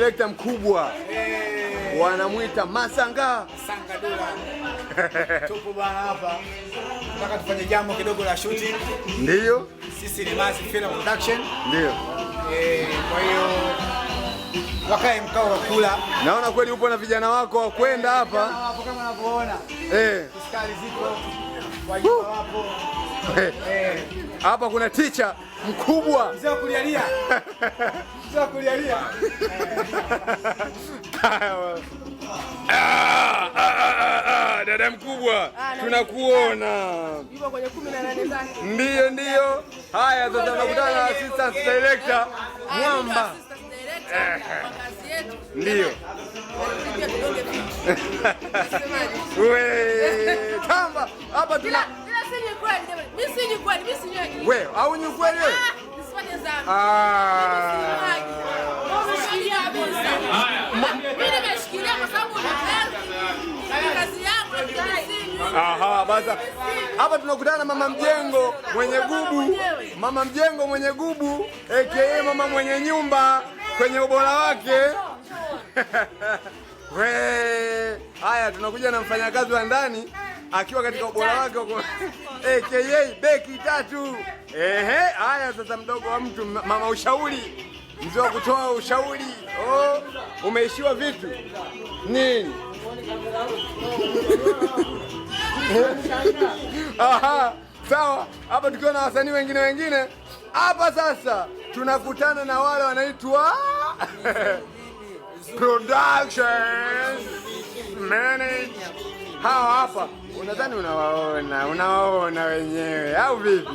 director mkubwa hey. Wanamwita Masanga Sangadula. Tupo bwana hapa, nataka tufanye jambo kidogo la shooting. Ndio sisi ni Masi Film Production. Ndio eh, kwa hiyo wakae mkao wa kula. Naona kweli upo na vijana wako wa kwenda hapa hapo, kama unavyoona eh, askari zipo eh. eh, hapa. Kuna teacher mkubwa mzee wa kulialia, mzee wa kulialia Ah, ah, ah, dada mkubwa, tunakuona ndiyo ndiyo. Haya, sasa tunakutana na assistant director Mwamba, ndiyo tamba hapa tuna au ni kweli? Ah. Aha, basa hapa tunakutana na mama mjengo mwenye gubu, mama mjengo mwenye gubu aka mama mwenye nyumba kwenye ubora wake. We, haya tunakuja na mfanyakazi wa ndani akiwa katika ubora wake aka beki tatu. Ehe, haya sasa, mdogo wa mtu, mama ushauri, mzee wa kutoa ushauri. Oh, umeishiwa vitu nini? Aha, sawa. Hapa tukiwa na wasanii wengine wengine hapa sasa tunakutana na wale wanaitwa Productions Manage. Hawa hapa unadhani unawaona, unawaona wenyewe au vipi?